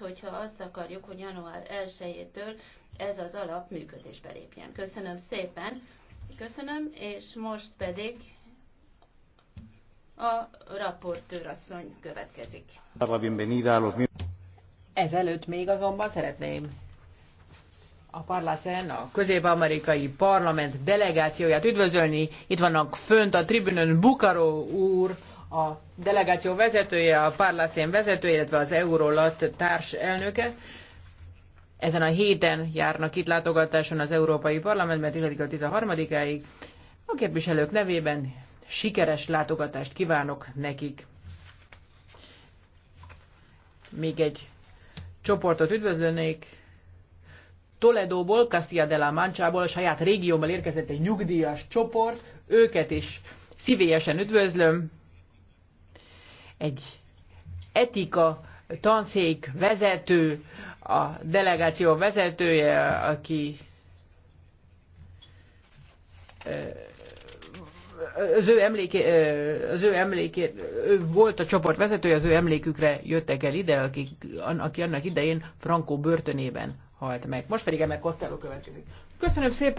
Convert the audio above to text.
magunkat, hogyha azt akarjuk, hogy január 1-től ez az alap működésbe lépjen. Köszönöm szépen, köszönöm, és most pedig a raportőrasszony következik. Ezelőtt még azonban szeretném a Parlacen, a közép-amerikai parlament delegációját üdvözölni. Itt vannak fönt a tribünön Bukaró úr, a delegáció vezetője, a Parlaszén vezetője, illetve az Eurolat társ elnöke. Ezen a héten járnak itt látogatáson az Európai parlament, Parlamentben a 13 áig A képviselők nevében sikeres látogatást kívánok nekik. Még egy csoportot üdvözlönnék. Toledóból, Castilla de la Manchából, a saját régiómmal érkezett egy nyugdíjas csoport, őket is szívélyesen üdvözlöm, egy etika tanszék vezető, a delegáció vezetője, aki az ő, emléké, az ő emléké, ő volt a csoport vezetője, az ő emlékükre jöttek el ide, aki, aki annak idején Frankó börtönében halt meg. Most pedig ennek Costello következik. Köszönöm szépen!